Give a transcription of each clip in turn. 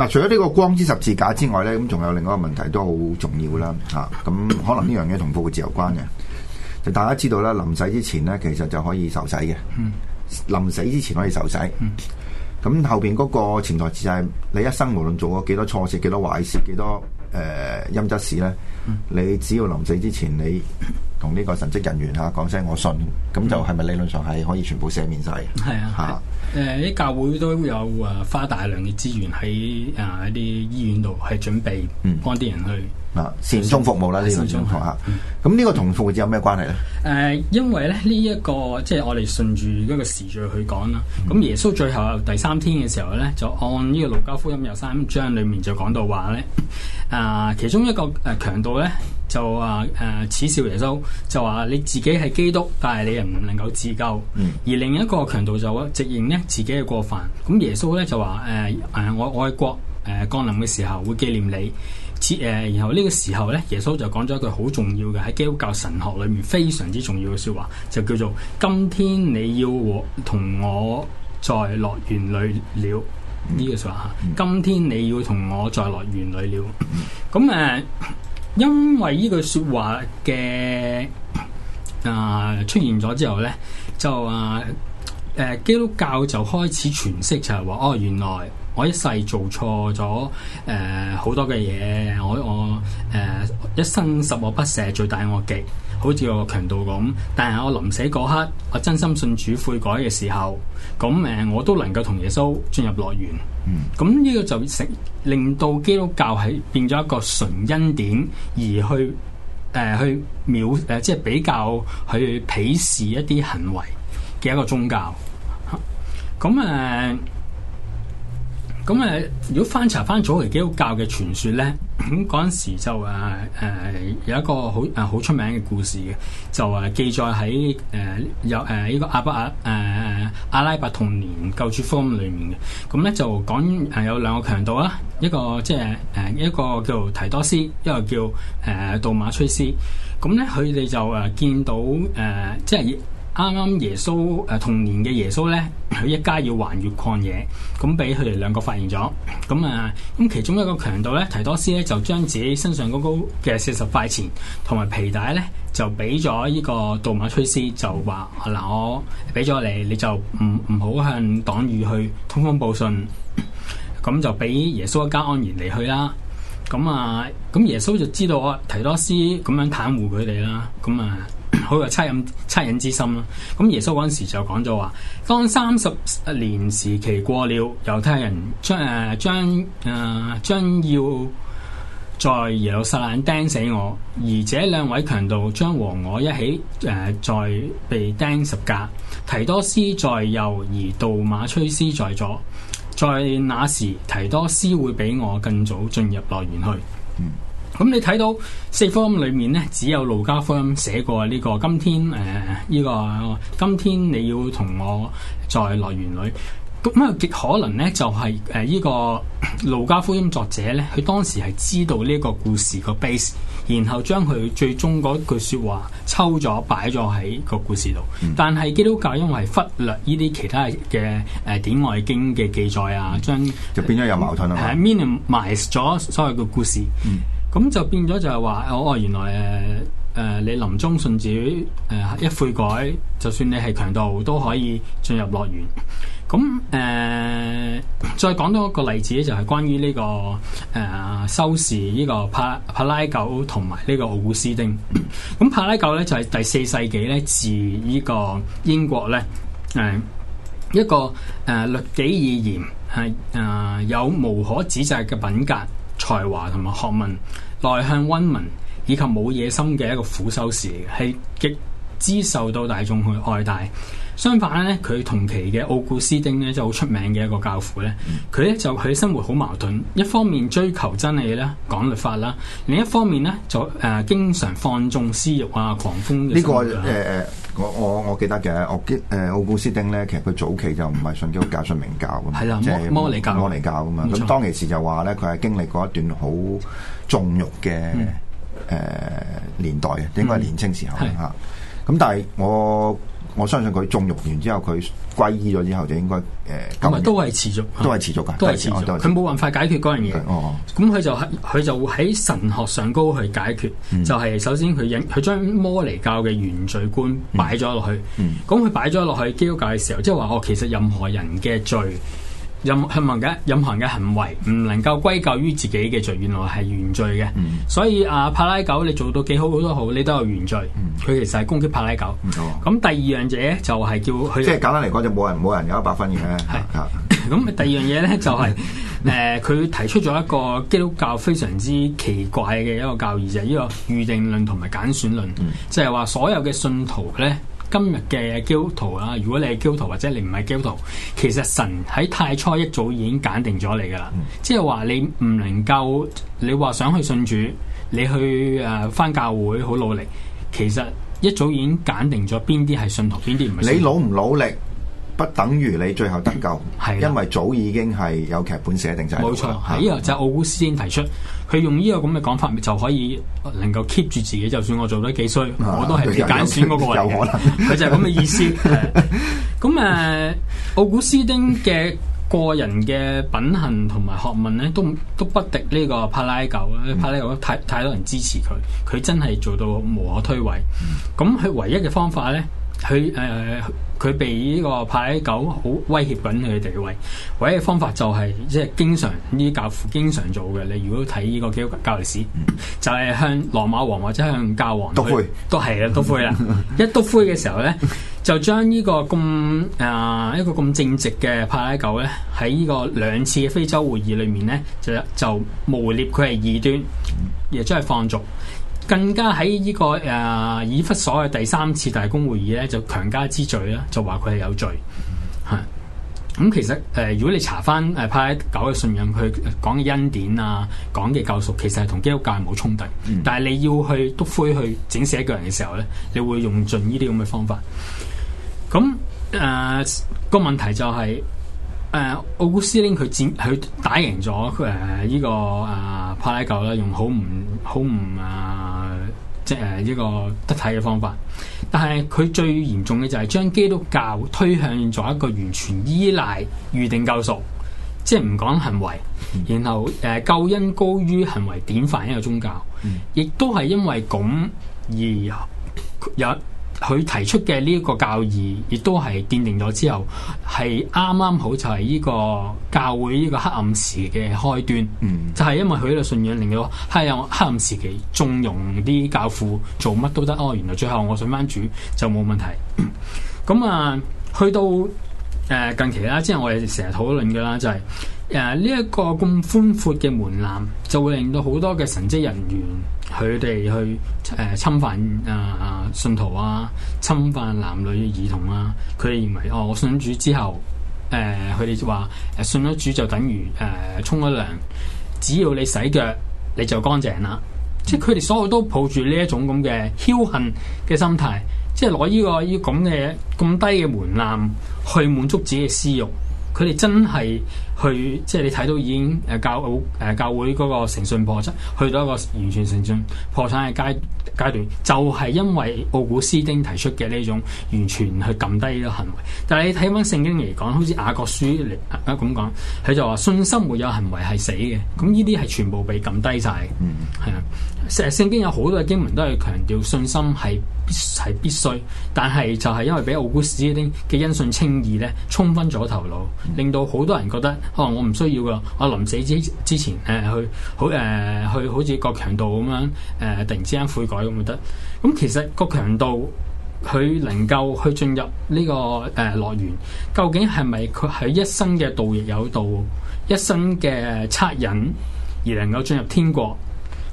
嗱，除咗呢個光之十字架之外咧，咁仲有另外一個問題都好重要啦嚇，咁、啊、可能呢樣嘢同個自有關嘅。就大家知道啦，臨死之前咧，其實就可以受洗嘅。嗯，臨死之前可以受洗。咁、嗯嗯、後邊嗰個潛台詞就係你一生無論做過幾多錯事、幾多壞事、幾多誒陰、呃、質事咧，嗯、你只要臨死之前你同呢個神職人員嚇講聲我信，咁就係咪理論上係可以全部赦免晒？嘅、嗯？係啊，嚇、啊。誒，啲、呃、教會都有誒、呃、花大量嘅資源喺啊、呃、一啲醫院度，係準備幫啲人去啊善終服務啦，呢種同啊，咁呢個同復活節有咩關係咧？誒、呃，因為咧呢一個即係我哋順住嗰個時序去講啦。咁、嗯、耶穌最後第三天嘅時候咧，就按呢、這個路加福音有三章裏面就講到話咧，啊、呃、其中一個誒、呃呃呃、強盜咧。就話誒恥笑耶穌，就話你自己係基督，但係你又唔能夠自救。嗯、而另一個強盜就話直認呢自己嘅過犯。咁、嗯、耶穌咧就話誒誒我愛國誒、呃、降臨嘅時候會紀念你。此、呃、誒然後呢個時候咧耶穌就講咗一句好重要嘅喺基督教神學裏面非常之重要嘅說話，就叫做今天你要和同我，在樂園裏了呢、這個說話。嗯、今天你要同我，在樂園裏了。咁、嗯、誒。嗯嗯因為呢句說話嘅、啊、呃、出現咗之後咧，就啊、誒、呃、基督教就開始詮釋，就係話哦，原來我一世做錯咗誒好多嘅嘢，我我、誒、呃、一生十惡不赦，最大惡極。好似我強盜咁，但係我臨死嗰刻，我真心信主悔改嘅時候，咁誒，我都能夠同耶穌進入樂園。咁呢個就成令到基督教係變咗一個純恩典，而去誒、呃、去藐誒、呃，即係比較去鄙視一啲行為嘅一個宗教。咁誒。咁誒、嗯，如果翻查翻早期基督教嘅傳說咧，咁嗰陣時就誒誒、呃、有一個好誒好出名嘅故事嘅，就誒記載喺誒有誒呢個阿伯亞誒阿拉伯童年救主福裏面嘅。咁、嗯、咧就講誒、呃、有兩個強度啦，一個即係誒一個叫做提多斯，一個叫誒杜、呃、馬吹斯。咁咧佢哋就誒見到誒、呃、即係啱啱耶穌誒童年嘅耶穌咧，佢一家要橫越曠野，咁俾佢哋兩個發現咗，咁啊，咁其中一個強盜咧，提多斯咧就將自己身上嗰高嘅四十塊錢同埋皮帶咧，就俾咗呢個杜馬吹師，就話嗱、啊啊、我俾咗你，你就唔唔好向黨羽去通風報信，咁就俾耶穌一家安然離去啦。咁啊，咁耶穌就知道啊提多斯咁樣袒護佢哋啦，咁啊好有惻隱惻隱之心啦、啊。咁耶穌嗰陣時就講咗話：當三十年時期過了，猶太人將誒將誒、啊、將要在耶路撒冷釘死我，而這兩位強盜將和我一起誒、呃、再被釘十架。提多斯在右，而杜馬吹斯在左。在那時，提多斯會比我更早進入樂園去。嗯，咁你睇到四福音裏面咧，只有路加福音寫過呢、呢個。今天誒，呢、呃呢個今天你要同我在樂園裏。咁啊，樣極可能咧就係誒依個路加福音作者咧，佢當時係知道呢個故事個 base，然後將佢最終嗰句説話抽咗擺咗喺個故事度。嗯、但係基督教因為忽略呢啲其他嘅誒典外經嘅記載啊，將就變咗有矛盾啦，係 minimize 咗所有個故事。咁、嗯嗯、就變咗就係話哦，原來。呃誒、呃，你臨終信主，誒、呃、一悔改，就算你係強盜都可以進入樂園。咁、嗯、誒、呃，再講多一個例子咧，就係、是、關於呢、這個誒，修士呢個帕帕拉狗同埋呢個奧古斯丁。咁、嗯、帕拉狗咧就係、是、第四世紀咧，自呢個英國咧，誒、嗯、一個誒、呃、律己以嚴，係、啊、誒有無可指責嘅品格、才華同埋學問，內向溫文。以及冇野心嘅一個苦修士，係極之受到大眾去愛戴。相反咧，佢同期嘅奧古斯丁咧就好出名嘅一個教父咧，佢咧、嗯、就佢生活好矛盾，一方面追求真理咧，講律法啦；另一方面咧就誒、呃、經常放縱私欲啊，狂風、啊。呢、這個誒誒、呃，我我我記得嘅，我誒奧古斯丁咧，其實佢早期就唔係信基督教、信明教咁，係啦、啊就是，摩摩尼教、沒錯 摩尼教咁樣。咁當其時就話咧，佢係經歷過一段好縱慾嘅。嗯誒、呃、年代嘅，應該係年青時候嚇。咁、嗯嗯、但係我我相信佢縱容完之後，佢皈依咗之後就應該誒。咁、呃、都係持續，都係持續噶，都係持續。佢冇辦法解決嗰樣嘢。哦，咁佢就係佢就喺神學上高去解決，嗯、就係首先佢影佢將摩尼教嘅原罪觀擺咗落去。咁佢擺咗落去基督教嘅時候，即係話我其實任何人嘅罪。任，任何嘅任何嘅行為唔能夠歸咎於自己嘅罪，原來係原罪嘅。嗯、所以啊，帕拉狗你做到幾好好都好，你都有原罪。佢、嗯、其實係攻擊帕拉狗。咁、嗯、第二樣嘢就係叫佢、哦。即係簡單嚟講，就冇人冇人有一百分嘅。係。咁第二樣嘢咧就係、是、誒，佢、 呃、提出咗一個基督教非常之奇怪嘅一個教義就係、是、呢個預定論同埋揀選論，嗯、就係、是、話所有嘅信徒咧。今日嘅基督徒啊，如果你係基督徒或者你唔係基督徒，其實神喺太初一早已經揀定咗你㗎喇，即係話你唔能夠，你話想去信主，你去誒返、呃、教會好努力，其實一早已經揀定咗邊啲係信徒，邊啲唔係。你努唔努力？不等於你最後得救，係的因為早已經係有劇本寫定就係冇錯。呢個的的就奧古斯丁提出，佢、嗯、用呢個咁嘅講法，就可以能夠 keep 住自己。就算我做得幾衰，啊、我都係揀選嗰個。有可能佢 就係咁嘅意思。咁誒、 啊，奧古斯丁嘅個人嘅品行同埋學問咧，都都不敵呢個帕拉狗咧。帕拉狗太太多人支持佢，佢真係做到無可推諉。咁佢、嗯、唯一嘅方法咧。佢誒佢被呢個派拉狗好威脅緊佢嘅地位，唯一嘅方法就係、是、即係經常呢啲教父經常做嘅。你如果睇呢個基督教歷史，就係、是、向羅馬王或者向教皇灰都，篤灰都係啦，篤 灰啦。一篤灰嘅時候咧，就將呢個咁啊、呃、一個咁正直嘅派拉狗咧，喺呢個兩次嘅非洲會議裏面咧，就就污蔑佢係異端，亦都係放逐。更加喺呢、這個誒、呃、以弗所嘅第三次大公會議咧，就強加之罪咧，就話佢係有罪。係咁、嗯嗯，其實誒、呃，如果你查翻誒派拉狗嘅信仰，佢講嘅恩典啊，講嘅救贖，其實係同基督教係冇衝突。但係你要去篤灰去整死一個人嘅時候咧，你會用盡呢啲咁嘅方法。咁誒個問題就係誒奧古斯丁佢佢打贏咗誒呢個誒派、呃、拉狗啦，用好唔好唔啊？即係呢個得體嘅方法，但係佢最嚴重嘅就係將基督教推向咗一個完全依賴預定救贖，即係唔講行為，然後誒、呃、救恩高於行為典範一個宗教，亦都係因為咁而有。佢提出嘅呢一個教義，亦都係奠定咗之後，係啱啱好就係呢個教會呢個黑暗時嘅開端，嗯、就係因為佢呢個信仰令到喺黑暗時期縱容啲教父做乜都得，哦，原來最後我信翻主就冇問題。咁啊，去到。誒近期啦，即係我哋成日討論嘅啦，就係誒呢一個咁寬闊嘅門檻，就會令到好多嘅神職人員佢哋去誒、呃、侵犯啊、呃、信徒啊，侵犯男女兒童啊，佢哋認為哦，我信主之後，誒佢哋就話誒信咗主就等於誒沖咗涼，只要你洗腳你就乾淨啦，即係佢哋所有都抱住呢一種咁嘅僥倖嘅心態。即係攞呢個呢咁嘅咁低嘅門檻去滿足自己嘅私欲。佢哋真係去，即係你睇到已經誒教誒、呃、教會嗰個誠信破產，去到一個完全誠信破產嘅階階段，就係、是、因為奧古斯丁提出嘅呢種完全去撳低呢個行為。但係你睇翻聖經嚟講，好似雅各書嚟咁講，佢就話信心沒有行為係死嘅。咁呢啲係全部被撳低晒。嘅、嗯，係啊！聖經有好多經文都係強調信心係必係必須，但係就係因為俾奧古斯丁嘅因信稱義咧，沖昏咗頭腦。令到好多人覺得，可能我唔需要㗎，我臨死之之前，誒、呃、去，呃、去好誒去，好似個強盜咁樣，誒突然之間悔改咁覺得，咁、嗯、其實個強盜佢能夠去進入呢、這個誒、呃、樂園，究竟係咪佢喺一生嘅盜亦有道，一生嘅惻隱而能夠進入天國？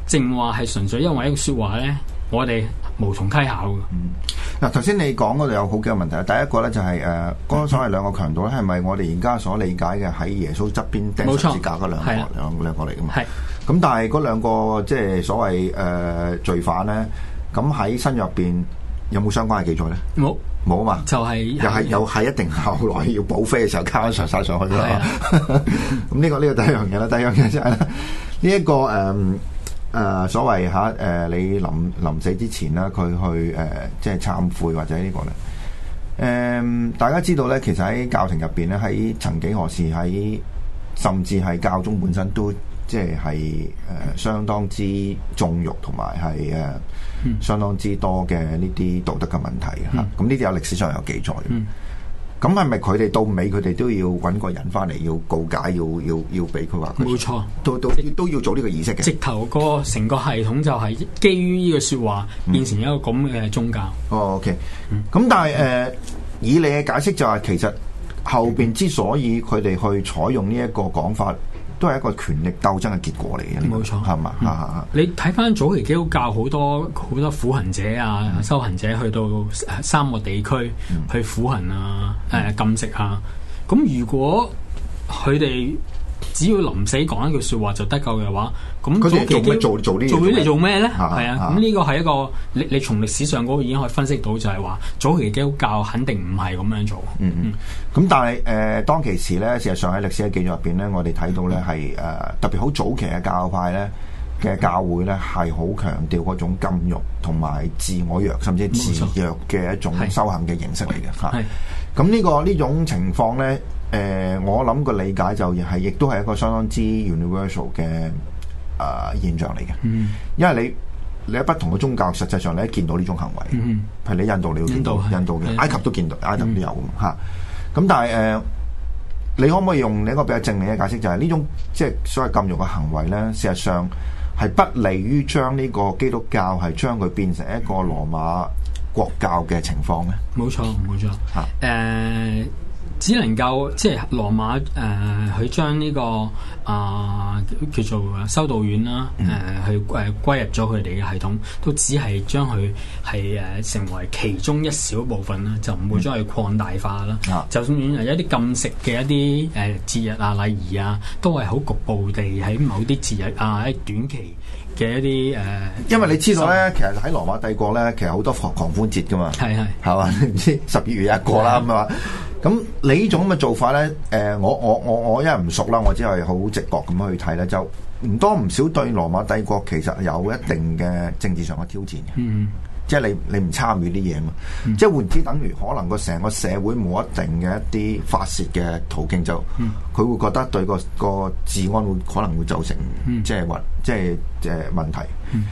淨話係純粹因為一個説話咧？我哋無從稽考嘅。嗱，頭先你講嗰度有好幾個問題啦。第一個咧就係誒，嗰個所謂兩個強盜咧，係咪我哋而家所理解嘅喺耶穌側邊釘十字架嗰兩個兩兩個嚟噶嘛？咁但係嗰兩個即係所謂誒罪犯咧，咁喺新約入邊有冇相關嘅記載咧？冇冇啊嘛？就係又係又係一定後來要補飛嘅時候加上晒上去噶嘛？咁呢個呢個第一樣嘢啦，第一樣嘢就係呢一個誒。誒、呃，所謂吓誒，你臨臨死之前啦，佢去誒、呃，即係懺悔或者呢、這個咧。誒、呃，大家知道咧，其實喺教廷入邊咧，喺曾幾何時，喺甚至係教宗本身都即係係誒，相當之縱慾同埋係誒，相當之多嘅呢啲道德嘅問題啊。咁呢啲有歷史上有記載嘅。嗯嗯嗯。咁係咪佢哋到尾佢哋都要揾個人翻嚟要告解，要要要俾佢話？冇錯，到到都，都，都要做呢個儀式嘅。直頭個成個系統就係基於呢個說話，嗯、變成一個咁嘅宗教。哦、oh，OK、嗯。咁但係誒、呃，以你嘅解釋就係、是，其實後邊之所以佢哋去採用呢一個講法。都係一個權力鬥爭嘅結果嚟嘅，冇錯，係嘛？嗯、 你睇翻早期基督教好多好多苦行者啊、修行者去到三個地區去苦行啊、誒禁食啊，咁如果佢哋，只要臨死講一句説話就得救嘅話，咁佢做做咩做做啲嘢？做啲嚟做咩咧？係啊，咁呢個係一個你你從歷史上嗰個已經可以分析到，就係話早期基督教肯定唔係咁樣做。嗯嗯。咁但係誒，當其時咧，事實上喺歷史嘅記錄入邊咧，我哋睇到咧係誒特別好早期嘅教派咧嘅教會咧係好強調嗰種禁欲同埋自我虐，甚至自虐嘅一種修行嘅形式嚟嘅嚇。係。咁呢個呢種情況咧。誒、呃，我諗個理解就係、是，亦都係一個相當之 universal 嘅誒、呃、現象嚟嘅。因為你你喺不同嘅宗教，實際上你一見到呢種行為，係、嗯嗯、你印度你見印度印度都見到，印度嘅埃及都見到，埃及都有咁咁、嗯啊、但係誒、呃，你可唔可以用另一個比較正面嘅解釋，就係、是、呢種即係所謂禁慾嘅行為咧，事實上係不利於將呢個基督教係將佢變成一個羅馬國教嘅情況咧？冇錯，冇錯嚇。誒錯。Uh 只能夠即係羅馬誒，佢、呃、將呢、呢個啊、呃、叫做修道院啦，誒、呃、去誒、呃、歸入咗佢哋嘅系統，都只係將佢係誒成為其中一小部分啦，就唔會將佢擴大化啦。嗯、就算院有一啲禁食嘅一啲誒節日啊、禮儀啊，都係好局部地喺某啲節日啊、喺短期嘅一啲誒。呃、因為你知道咧，其實喺羅馬帝國咧，其實好多狂歡節噶嘛，係係係嘛？唔知十二月一個啦咁啊！ 咁你呢種咁嘅做法咧？誒、呃，我我我我因為唔熟啦，我只係好直覺咁去睇咧，就唔多唔少對羅馬帝國其實有一定嘅政治上嘅挑戰嘅，嗯嗯即係你你唔參與啲嘢嘛，嗯、即係換之等於可能個成個社會冇一定嘅一啲發泄嘅途徑，就佢、嗯、會覺得對個個治安會可能會造成，嗯、即係或即係誒問題。嗯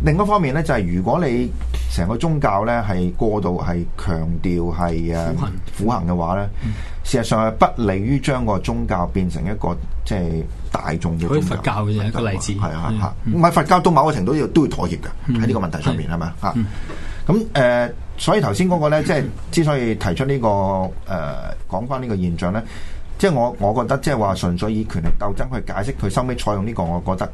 另一方面咧，就係、是、如果你成個宗教咧係過度係強調係誒苦行嘅話咧，嗯、事實上係不利於將個宗教變成一個即係、就是、大眾嘅宗教。可以佛教嘅啫，一個例子係啊吓，唔係、啊啊嗯、佛教到某個程度都要都要妥協嘅喺呢個問題上面係嘛吓。咁誒，所以頭先嗰個咧，即、就、係、是、之所以提出呢、這個誒講翻呢個現象咧，即、就、係、是、我我覺得即係話純粹以權力鬥爭去解釋佢收尾採用呢個，我覺得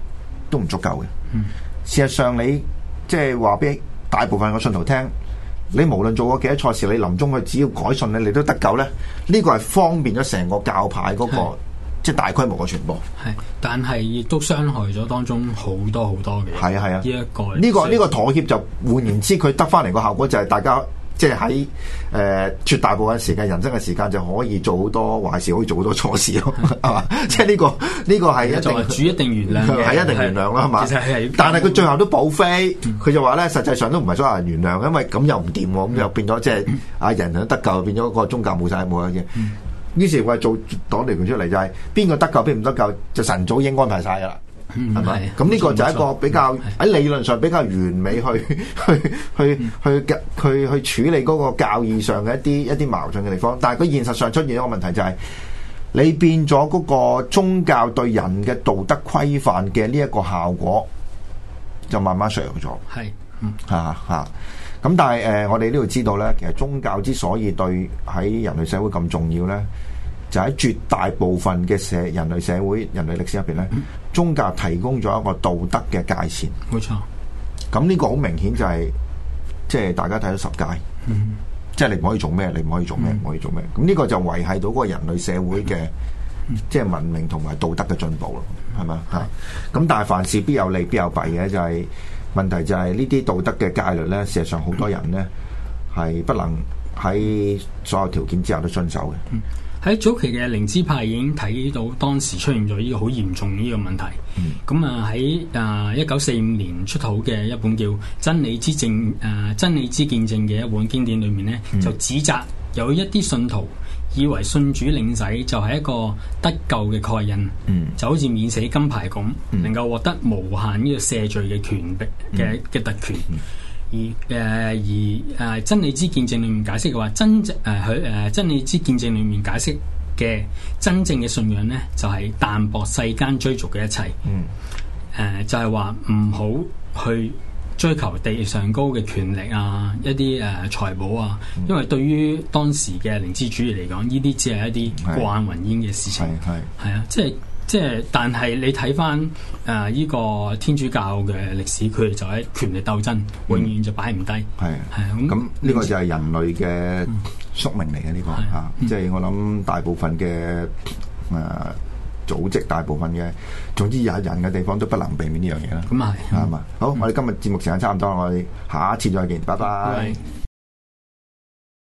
都唔足夠嘅。嗯事實上你，你即係話俾大部分個信徒聽，你無論做過幾多錯事，你臨終佢只要改信你，你都得救。呢呢個係方便咗成個教派嗰、嗰個即係是大規模嘅傳播。係，但係亦都傷害咗當中好多好多嘅。係啊係啊，呢一、呢個呢個呢個妥協就換言之，佢得翻嚟個效果就係大家。即係喺誒，絕大部分時間、人生嘅時間就可以做好多壞事，可以做好多錯事咯，係嘛、 這個？即係呢個呢個係一定主一定原諒，係一定原諒啦，係嘛？但係佢最後都保飛，佢、嗯、就話咧，實際上都唔係所有人原諒，因為咁又唔掂、啊、咁、嗯、又變咗即係啊人人得救，變咗個宗教冇晒冇晒嘢。於、嗯、是我做黨立團出嚟，就係邊個得救邊唔得救，就神早已經安排晒噶啦。係咪？咁呢的、嗯、個就係一個比較喺錯的理論上比較完美去的去去、嗯、去去去處理嗰個教義上嘅一啲一啲矛盾嘅地方。但係佢現實上出現一個問題就係、是，你變咗嗰個宗教對人嘅道德規範嘅呢一個效果，就慢慢削弱咗。係。吓、嗯、吓。咁、啊啊、但係誒、呃，我哋呢度知道咧，其實宗教之所以對喺人類社會咁重要咧。就喺絕大部分嘅社人類社會、人類歷史入邊咧，宗教提供咗一個道德嘅界線，冇錯錯。咁呢個好明顯就係、是，即、就、係、是、大家睇到十戒，即係、嗯、你唔可以做咩，你唔可以做咩，唔、嗯、可以做咩。咁呢個就維繫到嗰個人類社會嘅，即係、嗯、文明同埋道德嘅進步咯，係嘛吓。咁是但係凡事必有利必有弊嘅，就係、是、問題就係呢啲道德嘅戒律咧，事實上好多人咧係不能喺所有條件之下都遵守嘅。嗯喺早期嘅靈知派已經睇到當時出現咗呢個好嚴重呢個問題。咁啊喺啊一九四五年出土嘅一本叫《真理之證》啊、呃《真理之見證》嘅一本經典裏面呢，嗯、就指責有一啲信徒以為信主領洗就係一個得救嘅蓋印，嗯、就好似免死金牌咁，嗯、能夠獲得無限呢個赦罪嘅權力嘅嘅特權。嗯嗯嗯。而誒而誒真理之見證裏面解釋嘅話，真正誒佢誒真理之見證裏面解釋嘅真正嘅信仰咧，就係、是、淡薄世間追逐嘅一切。嗯。誒、呃、就係話唔好去追求地上高嘅權力啊，一啲誒財寶啊，因為對於當時嘅靈知主義嚟講，呢啲只係一啲過眼雲煙嘅事情。係係啊，即、就、係、是。即係，但係你睇翻誒呢個天主教嘅歷史，佢哋就喺權力鬥爭，嗯、永遠就擺唔低。係係咁，呢個就係人類嘅宿命嚟嘅呢個啊！嗯、即係我諗大部分嘅誒、呃、組織，大部分嘅，總之有人嘅地方都不能避免呢樣嘢啦。咁啊係嘛？好，我哋今日節目時間差唔多，我哋下一次再見，拜拜、嗯。